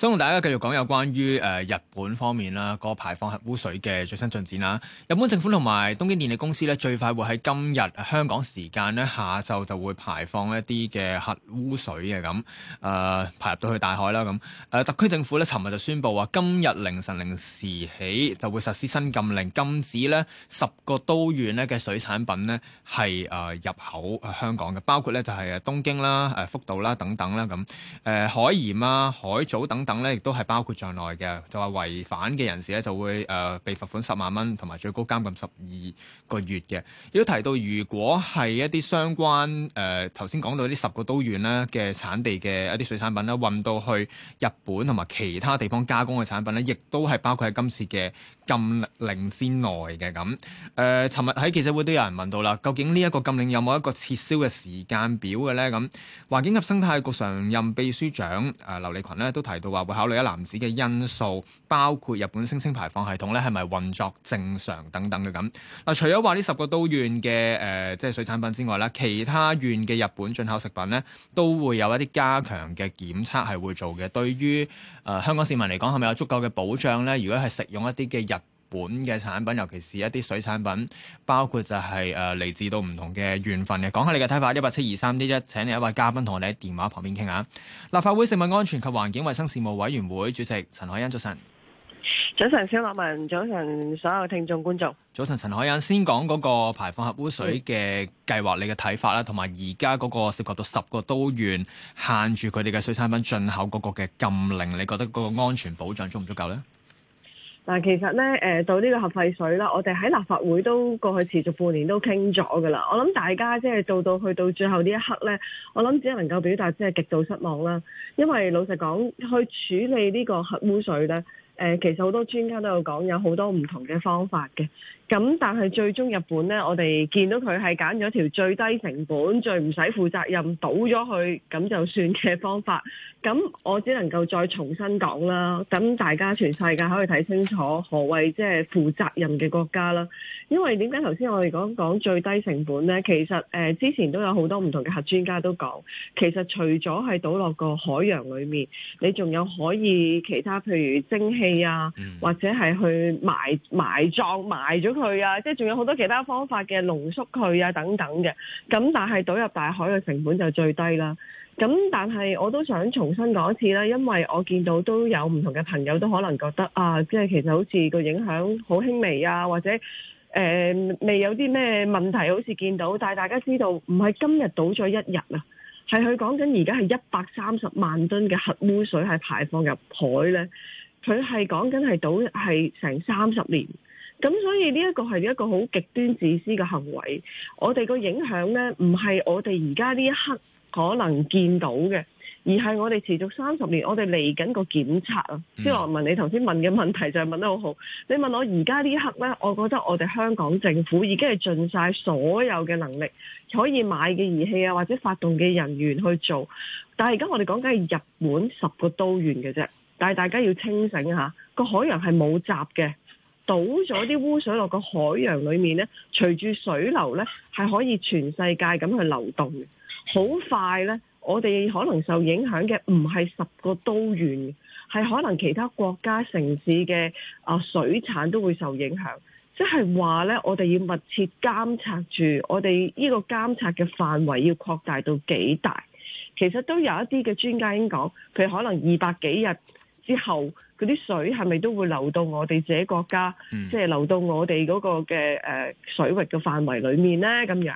想同大家繼續講有關於誒日本方面啦，嗰排放核污水嘅最新進展啦。日本政府同埋東京電力公司咧，最快會喺今日香港時間咧下晝就會排放一啲嘅核污水嘅咁，誒排入到去大海啦咁。誒特區政府咧，尋日就宣布話，今日凌晨零時起就會實施新禁令，禁止咧十個都縣咧嘅水產品呢係誒入口香港嘅，包括咧就係東京啦、誒福島啦等等啦咁。誒海鹽啊、海藻等等。等咧，亦都係包括在內嘅，就話違反嘅人士咧，就會誒、呃、被罰款十萬蚊，同埋最高監禁十二個月嘅。亦都提到如果係一啲相關誒頭先講到啲十個都縣啦嘅產地嘅一啲水產品啦，運到去日本同埋其他地方加工嘅產品咧，亦都係包括喺今次嘅禁令之內嘅。咁誒尋日喺記者會都有人問到啦，究竟呢一個禁令有冇一個撤銷嘅時間表嘅咧？咁環境及生態局常任秘書長誒劉利群呢都提到話，會考慮一男子嘅因素，包括日本聲稱排放系統咧，係咪運作正常等等嘅。咁，嗱，除咗話呢十個都縣嘅誒，即係水產品之外啦，其他縣嘅日本進口食品咧，都會有一啲加強嘅檢測係會做嘅。對於誒、呃、香港市民嚟講，係咪有足夠嘅保障咧？如果係食用一啲嘅日本嘅產品，尤其是一啲水產品，包括就係誒嚟自到唔同嘅緣份嘅。講下你嘅睇法，一八七二三一一請你一位嘉賓同我哋喺電話旁邊傾下。立法會食物安全及環境衞生事務委員會主席陳凱欣，早晨。早晨，小聶文，早晨，所有聽眾觀眾。早晨，陳凱欣，先講嗰個排放核污水嘅計劃，是你嘅睇法啦，同埋而家嗰個涉及到十個都縣限住佢哋嘅水產品進口嗰個嘅禁令，你覺得嗰個安全保障足唔足夠呢？嗱，其實咧，誒到呢個核廢水啦，我哋喺立法會都過去持續半年都傾咗㗎啦。我諗大家即係到到去到最後呢一刻咧，我諗只能夠表達即係極度失望啦。因為老實講，去處理呢個核污水咧，誒其實好多專家都有講有好多唔同嘅方法嘅。咁但係最終日本咧，我哋見到佢係揀咗條最低成本、最唔使負責任、倒咗去咁就算嘅方法。咁我只能夠再重新講啦，咁大家全世界可以睇清楚何謂即係負責任嘅國家啦。因為點解頭先我哋講講最低成本咧，其實誒、呃、之前都有好多唔同嘅核專家都講，其實除咗係倒落個海洋裏面，你仲有可以其他譬如蒸汽啊，或者係去埋埋葬埋咗。埋佢啊，即係仲有好多其他方法嘅，濃縮佢啊等等嘅，咁但係倒入大海嘅成本就最低啦。咁但係我都想重新講一次啦，因為我見到都有唔同嘅朋友都可能覺得啊，即係其實好似個影響好輕微啊，或者誒未有啲咩問題好似見到，但係大家知道唔係今日倒咗一日啊，係佢講緊而家係一百三十萬噸嘅核污水係排放入海呢，佢係講緊係倒係成三十年。咁所以呢一個係一個好極端自私嘅行為。我哋個影響呢，唔係我哋而家呢一刻可能見到嘅，而係我哋持續三十年，我哋嚟緊個檢測啊。先話、嗯、問你頭先問嘅問題就係問得好好。你問我而家呢一刻呢，我覺得我哋香港政府已經係盡晒所有嘅能力可以買嘅儀器啊，或者發動嘅人員去做。但係而家我哋講緊係日本十個都縣嘅啫。但係大家要清醒下，個海洋係冇閘嘅。倒咗啲污水落個海洋裏面咧，隨住水流咧，係可以全世界咁去流動嘅。好快咧，我哋可能受影響嘅唔係十個都縣，係可能其他國家城市嘅啊水產都會受影響，即係話咧，我哋要密切監察住，我哋呢個監察嘅範圍要擴大到幾大？其實都有一啲嘅專家已經講，佢可能二百幾日。之後嗰啲水係咪都會流到我哋自己國家，即係流到我哋嗰個嘅誒水域嘅範圍裏面呢？咁樣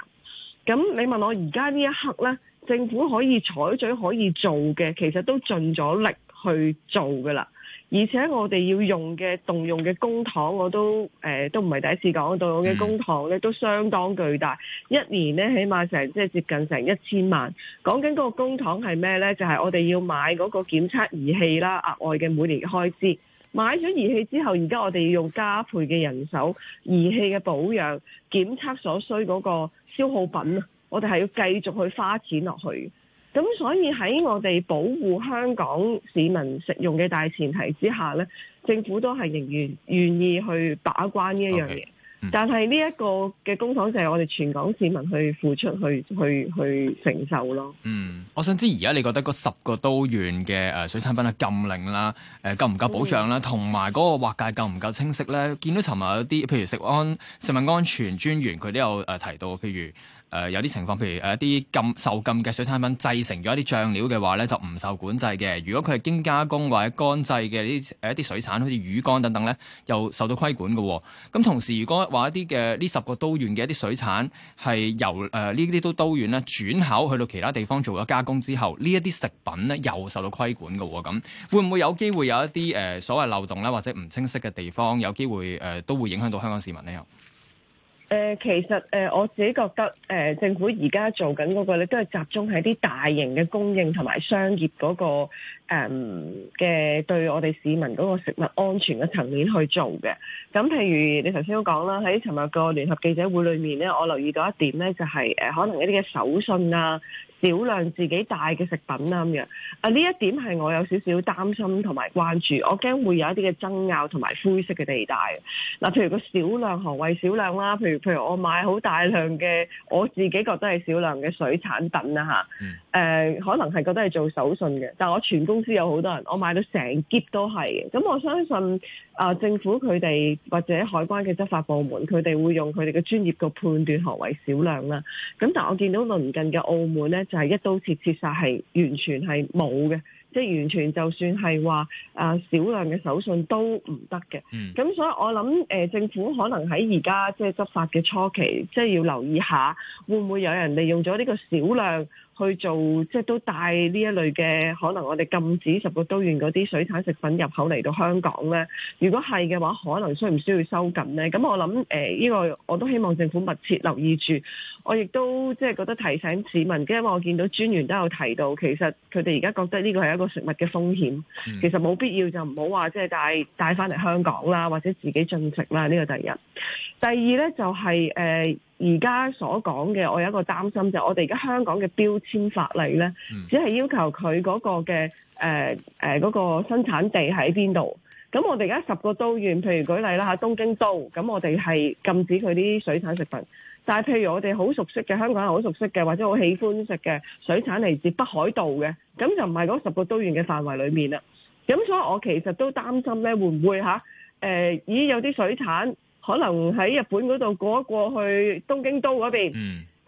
咁你問我而家呢一刻呢，政府可以採取可以做嘅，其實都盡咗力去做噶啦。而且我哋要用嘅動用嘅公帑，我都誒、呃、都唔係第一次講，動用嘅公帑咧都相當巨大，一年咧起碼成即係接近成一千萬。講緊嗰個公帑係咩咧？就係、是、我哋要買嗰個檢測儀器啦，額外嘅每年開支，買咗儀器之後，而家我哋要用加配嘅人手、儀器嘅保養、檢測所需嗰個消耗品，我哋係要繼續去花錢落去。咁所以喺我哋保護香港市民食用嘅大前提之下呢，政府都係仍然願意去把關呢一樣嘢。Okay. 嗯、但係呢一個嘅工廠就係我哋全港市民去付出、去去去承受咯。嗯，我想知而家你覺得嗰十個都縣嘅誒水產品嘅禁令啦，誒夠唔夠保障啦，同埋嗰個劃界夠唔夠清晰咧？見到尋日有啲，譬如食安、食品安全專員，佢都有誒提到，譬如。誒、呃、有啲情況，譬如誒一啲禁受禁嘅水產品製成咗一啲醬料嘅話咧，就唔受管制嘅。如果佢係經加工或者乾製嘅呢誒一啲水產，好似魚乾等等咧，又受到規管嘅。咁同時，如果話一啲嘅呢十個都源嘅一啲水產係由誒呢啲都都縣咧轉口去到其他地方做咗加工之後，呢一啲食品咧又受到規管嘅。咁會唔會有機會有一啲誒、呃、所謂漏洞咧，或者唔清晰嘅地方，有機會誒、呃、都會影響到香港市民呢？又？誒，其實誒，我自己覺得誒，政府而家做緊嗰個咧，都係集中喺啲大型嘅供應同埋商業嗰個誒嘅對我哋市民嗰個食物安全嘅層面去做嘅。咁譬如你頭先都講啦，喺尋日個聯合記者會裏面咧，我留意到一點咧，就係誒，可能一啲嘅手信啊。少量自己帶嘅食品啦咁樣。啊，呢一點係我有少少擔心同埋關注，我驚會有一啲嘅爭拗同埋灰色嘅地帶。嗱、啊，譬如個少量何為少量啦？譬如譬如我買好大量嘅，我自己覺得係少量嘅水產品啦嚇。誒、啊 mm. 啊，可能係覺得係做手信嘅，但係我全公司有好多人，我買到成碟都係嘅。咁我相信啊、呃，政府佢哋或者海關嘅執法部門，佢哋會用佢哋嘅專業嘅判斷何為少量啦。咁、啊、但係我見到鄰近嘅澳門咧。就係一刀切切曬，係完全係冇嘅，即係完全就算係話啊少量嘅手信都唔得嘅。咁、嗯、所以我諗誒、呃、政府可能喺而家即係執法嘅初期，即係要留意下會唔會有人利用咗呢個少量。去做即係都帶呢一類嘅可能，我哋禁止十個都縣嗰啲水產食品入口嚟到香港咧。如果係嘅話，可能需唔需要收緊咧？咁我諗誒，呢、呃這個我都希望政府密切留意住。我亦都即係覺得提醒市民，因為我見到專員都有提到，其實佢哋而家覺得呢個係一個食物嘅風險。其實冇必要就唔好話即係帶帶翻嚟香港啦，或者自己進食啦。呢、這個第一，第二咧就係、是呃而家所講嘅，我有一個擔心就係、是，我哋而家香港嘅標籤法例呢，嗯、只係要求佢嗰個嘅誒誒嗰個生產地喺邊度。咁我哋而家十個都縣，譬如舉例啦吓，東京都咁，那我哋係禁止佢啲水產食品。但係，譬如我哋好熟悉嘅香港人好熟悉嘅，或者好喜歡食嘅水產嚟自北海道嘅，咁就唔係嗰十個都縣嘅範圍裏面啦。咁所以，我其實都擔心呢，會唔會嚇誒？咦、呃，有啲水產？可能喺日本嗰度過一過去東京都嗰邊，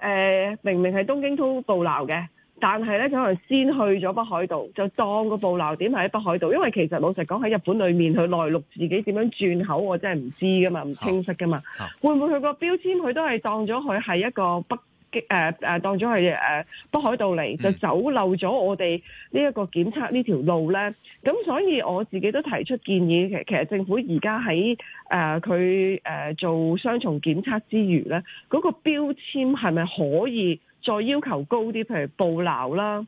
誒，明明係東京都捕撈嘅，但係呢佢可能先去咗北海道，就當個捕撈點喺北海道，因為其實老實講喺日本裡面佢內陸自己點樣轉口，我真係唔知噶嘛，唔清晰噶嘛，會唔會佢個標籤佢都係當咗佢係一個北？誒誒、啊、當咗係誒北海道嚟，就走漏咗我哋呢一個檢測呢條路咧。咁所以我自己都提出建議，其實政府而家喺誒佢誒做雙重檢測之餘咧，嗰、那個標籤係咪可以再要求高啲？譬如捕撈啦。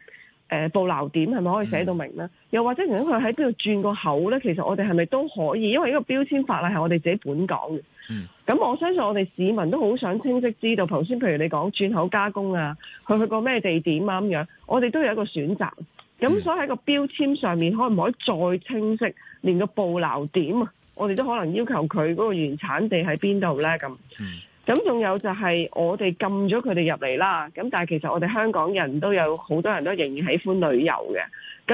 誒捕撈點係咪可以寫到明咧？嗯、又或者如果佢喺邊度轉個口咧，其實我哋係咪都可以？因為呢個標籤法例係我哋自己本港嘅。嗯。咁我相信我哋市民都好想清晰知道。頭先譬如你講轉口加工啊，佢去，去過咩地點啊咁樣，我哋都有一個選擇。咁所以喺個標籤上面，可唔可以再清晰？連個捕撈點啊，我哋都可能要求佢嗰個原產地喺邊度咧咁。嗯。咁仲有就係我哋禁咗佢哋入嚟啦，咁但係其實我哋香港人都有好多人都仍然喜歡旅遊嘅，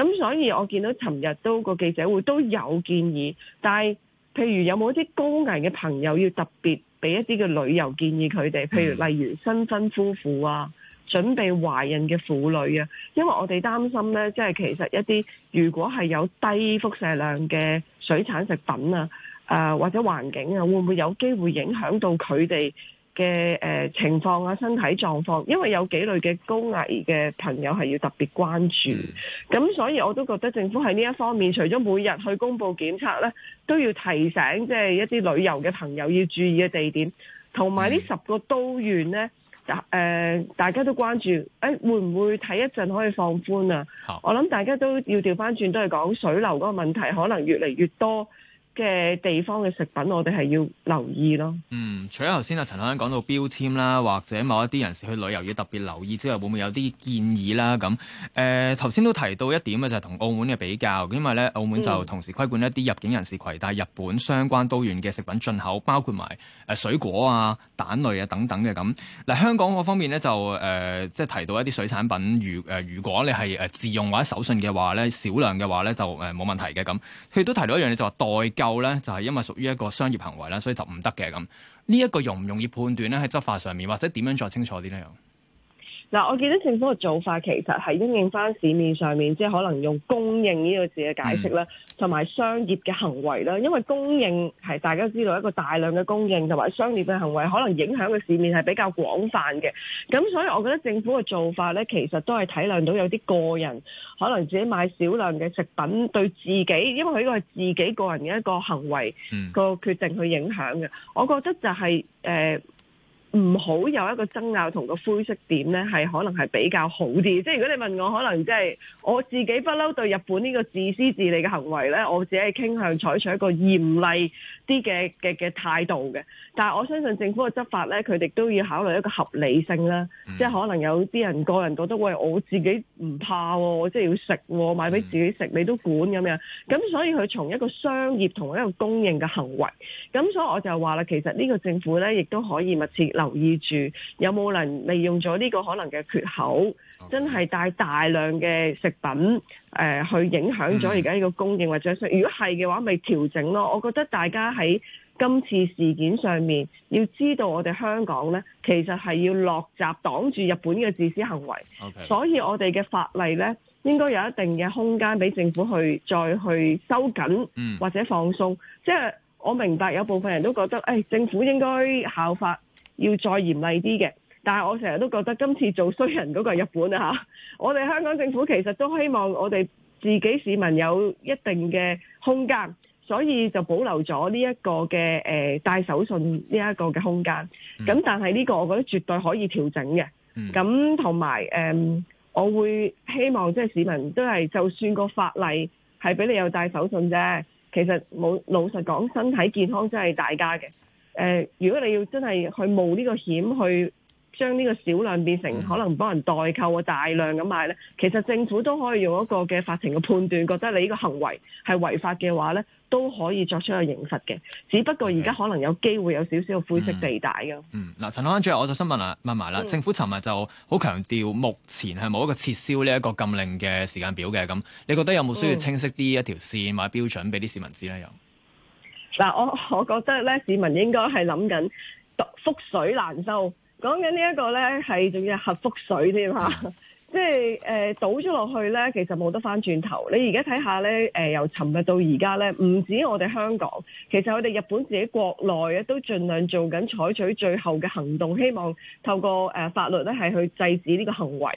咁所以我見到尋日都個記者會都有建議，但係譬如有冇一啲高危嘅朋友要特別俾一啲嘅旅遊建議佢哋，譬如例如新婚夫婦啊，準備懷孕嘅婦女啊，因為我哋擔心呢，即係其實一啲如果係有低輻射量嘅水產食品啊。誒或者環境啊，會唔會有機會影響到佢哋嘅誒情況啊、身體狀況？因為有幾類嘅高危嘅朋友係要特別關注，咁、嗯、所以我都覺得政府喺呢一方面，除咗每日去公佈檢測咧，都要提醒即係一啲旅遊嘅朋友要注意嘅地點，同埋呢十個都縣咧誒，大家都關注誒、欸，會唔會睇一陣可以放寬啊？好我諗大家都要調翻轉，都係講水流嗰個問題，可能越嚟越多。嘅地方嘅食品，我哋係要留意咯。嗯，除咗頭先啊陳生講到標籤啦，或者某一啲人士去旅遊要特別留意之外，會唔會有啲建議啦？咁誒頭先都提到一點啊，就係同澳門嘅比較。因為咧澳門就同時規管一啲入境人士携帶日本相關都縣嘅食品進口，包括埋誒水果啊、蛋類啊等等嘅咁。嗱，香港嗰方面咧就誒、呃、即係提到一啲水產品，如誒、呃、如果你係誒自用或者手信嘅話咧，少量嘅話咧就誒冇、呃、問題嘅咁。佢都提到一樣嘢就話、是、代購。咧就係因為屬於一個商業行為啦，所以就唔得嘅咁。呢一個容唔容易判斷咧喺執法上面，或者點樣再清楚啲呢？又？嗱，我見到政府嘅做法其實係應應翻市面上面，即係可能用供應呢個字嘅解釋啦，同埋商業嘅行為啦。因為供應係大家知道一個大量嘅供應，同埋商業嘅行為，可能影響嘅市面係比較廣泛嘅。咁所以，我覺得政府嘅做法呢，其實都係體諒到有啲個人可能自己買少量嘅食品，對自己，因為佢呢個係自己個人嘅一個行為個決定去影響嘅。我覺得就係、是、誒。呃唔好有一個爭拗同個灰色點呢，係可能係比較好啲。即係如果你問我，可能即係我自己不嬲對日本呢個自私自利嘅行為呢，我自己係傾向採取一個嚴厲啲嘅嘅嘅態度嘅。但係我相信政府嘅執法呢，佢哋都要考慮一個合理性啦。Mm. 即係可能有啲人個人覺得，喂，我自己唔怕喎，我即係要食喎，買俾自己食，你都管咁樣。咁所以佢從一個商業同一個供應嘅行為，咁所以我就話啦，其實呢個政府呢，亦都可以密切留意住有冇人利用咗呢個可能嘅缺口，Okay. 真係帶大量嘅食品誒、呃、去影響咗而家呢個供應、嗯、或者。如果係嘅話，咪調整咯。我覺得大家喺今次事件上面，要知道我哋香港咧，其實係要落閘擋住日本嘅自私行為。Okay. 所以我哋嘅法例咧，應該有一定嘅空間俾政府去再去收緊，嗯、或者放鬆。即係我明白有部分人都覺得，誒、哎，政府應該效法。要再嚴厲啲嘅，但係我成日都覺得今次做衰人嗰個係日本啊，我哋香港政府其實都希望我哋自己市民有一定嘅空間，所以就保留咗呢一個嘅，誒，帶手信呢一個嘅空間。咁但係呢個我覺得絕對可以調整嘅。咁同埋誒，我會希望即係市民都係，就算個法例係俾你有帶手信啫，其實冇，老實講，身體健康真係大家嘅。誒、呃，如果你要真係去冒呢個險，去將呢個少量變成、嗯、可能幫人代購啊，大量咁賣咧，其實政府都可以用一個嘅法庭嘅判斷，覺得你呢個行為係違法嘅話咧，都可以作出一個刑罰嘅。只不過而家可能有機會有少少灰色地帶咯、嗯。嗯，嗱、呃，陳安最後我就想問啊，問埋啦，嗯、政府尋日就好強調目前係冇一個撤銷呢一個禁令嘅時間表嘅，咁你覺得有冇需要清晰啲一,一條線或者標準俾啲市民知咧？又？嗱，我我覺得咧，市民應該係諗緊覆水難收，講緊呢一個咧係仲要係核覆水添嚇。即係倒咗落去咧，其實冇得翻轉頭。你而家睇下咧，由尋日到而家咧，唔止我哋香港，其實我哋日本自己國內咧都盡量做緊採取最後嘅行動，希望透過法律咧係去制止呢個行為。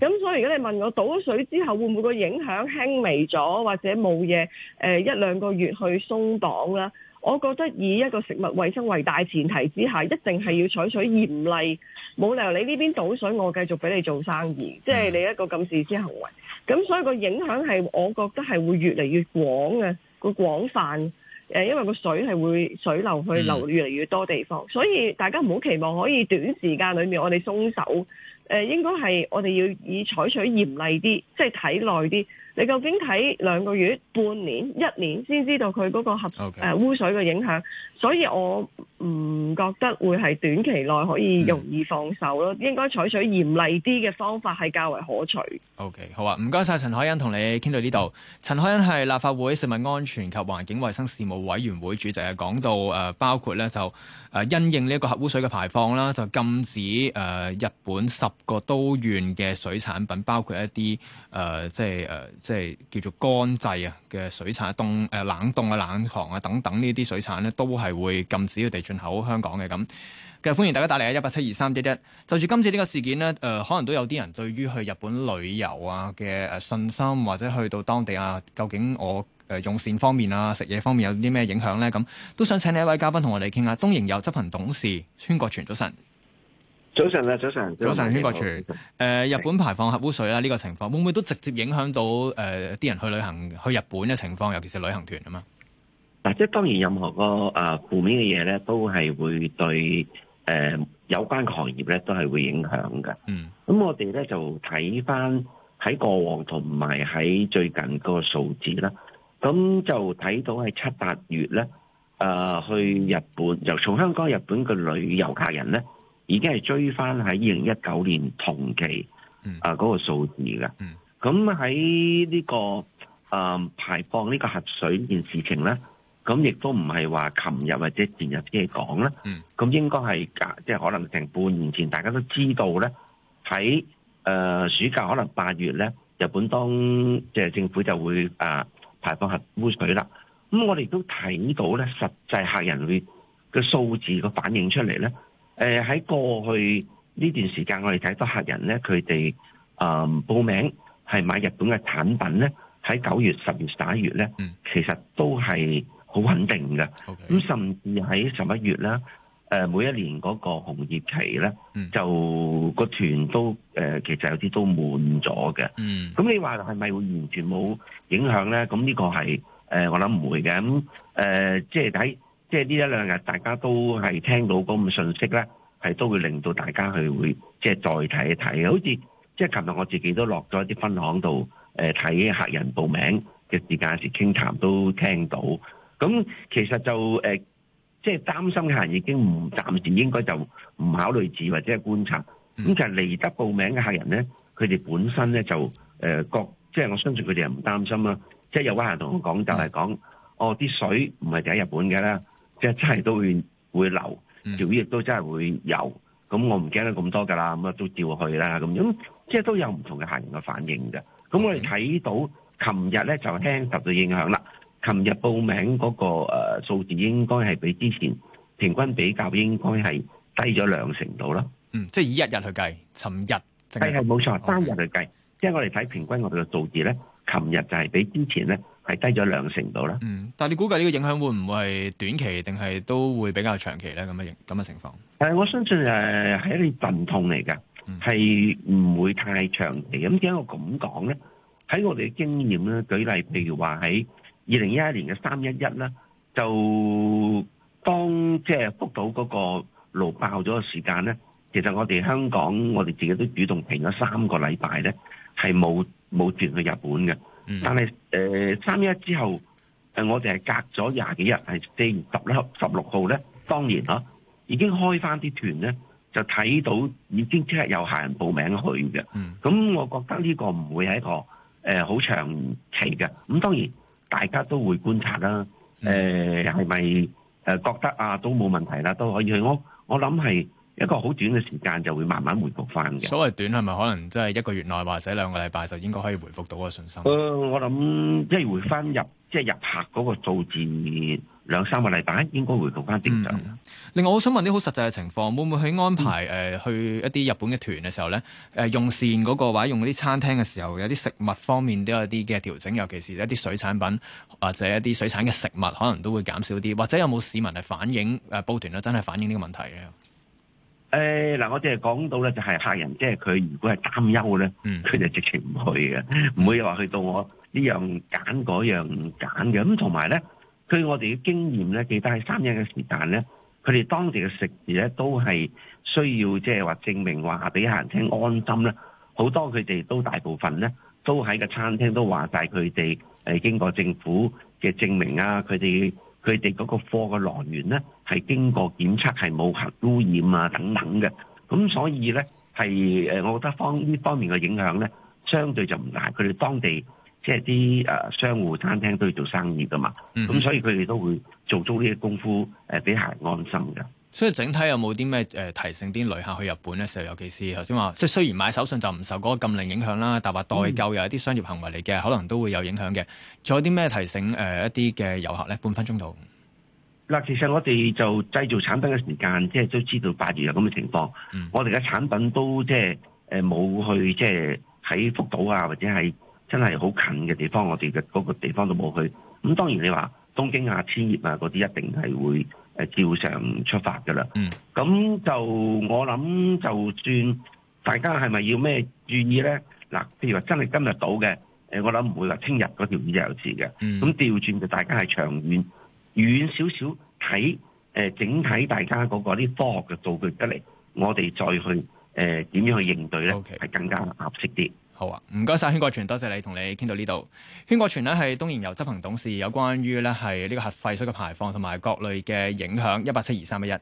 咁、嗯、所以如果你問我倒咗水之後會唔會個影響輕微咗，或者冇嘢、呃、一兩個月去鬆綁啦？我覺得以一個食物衛生為大前提之下，一定係要採取嚴厲，冇理由你呢邊倒水，我繼續俾你做生意，即係你一個咁自私行為。咁所以個影響係，我覺得係會越嚟越廣嘅，個廣泛。呃、因為個水係會水流去流越嚟越多地方，嗯、所以大家唔好期望可以短時間裏面我哋鬆手。誒、呃，應該係我哋要以採取嚴厲啲，即係睇耐啲。你究竟睇兩個月、半年、一年先知道佢嗰個核污水嘅影響，Okay. 所以我唔覺得會係短期內可以容易放手咯。嗯、應該採取嚴厲啲嘅方法係較為可取。O、okay, K，好啊，唔該晒。陳凱欣同你傾到呢度。陳凱欣係立法會食物安全及環境衞生事務委員會主席，講到誒、呃，包括咧就誒、呃、因應呢一個核污水嘅排放啦，就禁止誒、呃、日本十個都縣嘅水產品，包括一啲誒、呃、即係誒。呃即係叫做乾製啊嘅水產、凍誒冷凍啊、冷藏啊等等呢啲水產呢，都係會禁止佢哋進口香港嘅咁。咁歡迎大家打嚟啊！一八七二三一一就住今次呢個事件呢，誒、呃、可能都有啲人對於去日本旅遊啊嘅誒信心，或者去到當地啊，究竟我誒用膳方面啊，食嘢方面有啲咩影響呢？咁都想請呢一位嘉賓同我哋傾下。東瀛遊執行董事禤國全早晨。早晨啦，早晨。早晨，禤國全。誒，日本排放核污水啦，呢是的 個情況會唔會都直接影響到誒啲、呃、人去旅行去日本嘅情況，尤其是旅行團啊嘛。嗱，即係當然任何個誒負、呃、面嘅嘢咧，都係會對誒、呃、有關行業咧都係會影響嘅。嗯。咁我哋咧就睇翻喺過往同埋喺最近個數字啦。咁就睇到喺七八月咧，誒、呃、去日本由從香港日本嘅旅遊客人咧。已經係追翻喺二零一九年同期啊嗰、嗯呃嗰個數字嘅。咁喺呢個啊、呃、排放呢個核水呢件事情咧，咁亦都唔係話琴日或者前日先講啦。咁、嗯、應該係即係可能成半年前大家都知道咧，喺誒、呃、暑假可能八月咧，日本當即、即係、政府就會誒、呃、排放核污水啦。咁我哋都睇到咧，實際客人裏嘅數字個反映出嚟咧。誒喺過去呢段時間，我哋睇到客人咧，佢哋啊報名係買日本嘅產品咧，喺九月、十月、十一月咧，其實都係好穩定嘅。咁甚至喺十一月咧，誒每一年嗰個紅葉期咧，就個團都誒其實有啲都滿咗嘅。咁你話係咪會完全冇影響咧？咁呢個係誒我諗唔會嘅。咁誒即係睇。即係呢一兩日，大家都係聽到嗰咁信息咧，係都會令到大家去會即係再睇一睇。好似即係琴日我自己都落咗啲分行度，誒、呃、睇客人報名嘅時間時傾談都聽到。咁其實就誒、呃，即係擔心嘅客人已經唔暫時應該就唔考慮住或者係觀察。咁其實嚟得報名嘅客人咧，佢哋本身咧就誒覺、呃，即係我相信佢哋係唔擔心啦。即係有位客人同我講就係、是、講，哦啲水唔係就喺日本嘅啦。即係真係都會會流，調亦都真係會有，咁我唔驚得咁多㗎啦，咁啊都照去啦咁，即係都有唔同嘅客人嘅反應㗎。咁我哋睇到琴日咧就輕受咗影響啦。琴日報名嗰、那個誒、呃、數字應該係比之前平均比較應該係低咗兩成度啦。嗯，即係以一日，日去計，琴日即係冇錯，單日去計，okay. 即係我哋睇平均我哋嘅數字咧，琴日就係比之前咧。係低咗兩成度啦。嗯，但係你估計呢個影響會唔會係短期，定係都會比較長期咧？咁嘅咁嘅情況。誒，我相信誒係一啲陣痛嚟嘅，係唔會太長期。咁點解我咁講咧？喺我哋嘅經驗咧，舉例譬如話喺二零一一年嘅三一一咧，就當即係福島嗰個爐爆咗嘅時間咧，其實我哋香港，我哋自己都主動停咗三個禮拜咧，係冇冇轉去日本嘅。嗯、但係誒三一之後，呃、我哋係隔咗廿幾日，係四月十一十六號咧，當然啦、啊，已經開翻啲團咧、啊，就睇到已經即刻有客人報名去嘅。咁、嗯、我覺得呢個唔會係一個好、呃、長期嘅。咁當然大家都會觀察啦、啊。誒係咪誒覺得啊都冇問題啦，都可以去。我我諗係。一個好短嘅時間就會慢慢回復翻嘅。所謂短係咪可能真係一個月內或者兩個禮拜就應該可以回復到個信心？誒、呃，我諗一回翻入即係、就是、入客嗰個做字面兩三個禮拜應該回復翻正常。另外，我想問啲好實際嘅情況，會唔會去安排誒、嗯呃、去一啲日本嘅團嘅時候呢？誒、呃、用膳嗰、那個或者用嗰啲餐廳嘅時候，有啲食物方面都有啲嘅調整，尤其是一啲水產品或者一啲水產嘅食物，可能都會減少啲。或者有冇市民係反映誒報團咧？真係反映呢個問題咧？誒嗱、哎，我哋講到咧，就係客人即係佢如果係擔憂咧，佢就直情唔去嘅，唔會話去到我這樣那樣呢樣揀嗰樣揀嘅。咁同埋咧，據我哋嘅經驗咧，記得喺三日嘅時間咧，佢哋當地嘅食嘢都係需要即係話證明話俾客人聽安心啦。好多佢哋都大部分咧都喺個餐廳都話晒佢哋誒經過政府嘅證明啊，佢哋。佢哋嗰個貨嘅來源咧，係經過檢測係冇核污染啊等等嘅，咁所以咧係誒，我覺得方呢方面嘅影響咧，相對就唔大。佢哋當地即係啲誒商戶、餐廳都要做生意噶嘛，咁所以佢哋都會做足呢啲功夫誒，俾客人安心嘅。所以整體有冇啲咩誒提醒啲旅客去日本咧？時候尤其是頭先話，即係雖然買手信就唔受嗰個禁令影響啦，但係話代購又有啲商業行為嚟嘅，可能都會有影響嘅。仲有啲咩提醒誒一啲嘅遊客咧？半分鐘度。嗱，其實我哋就製造產品嘅時間，即係都知道八月有咁嘅情況。嗯，我哋嘅產品都即係誒冇去即係喺福島啊，或者係真係好近嘅地方，我哋嘅嗰個地方都冇去。咁當然你話東京啊、千葉啊嗰啲，那些一定係會。誒照常出發㗎啦，咁、嗯、就我諗，就算大家係咪要咩願意咧？嗱，譬如話真係今日到嘅，我諗唔會話聽日嗰條魚有事嘅，咁調轉就大家係長遠遠少少睇誒整體大家嗰個啲科學嘅數據得嚟，我哋再去誒點、呃、樣去應對咧，係更加合適啲。好啊，唔該晒。禤國全，多謝你同你傾到呢度。禤國全咧係東瀛遊執行董事，有關於咧係呢個核廢水嘅排放同埋各類嘅影響，一八七二三一一。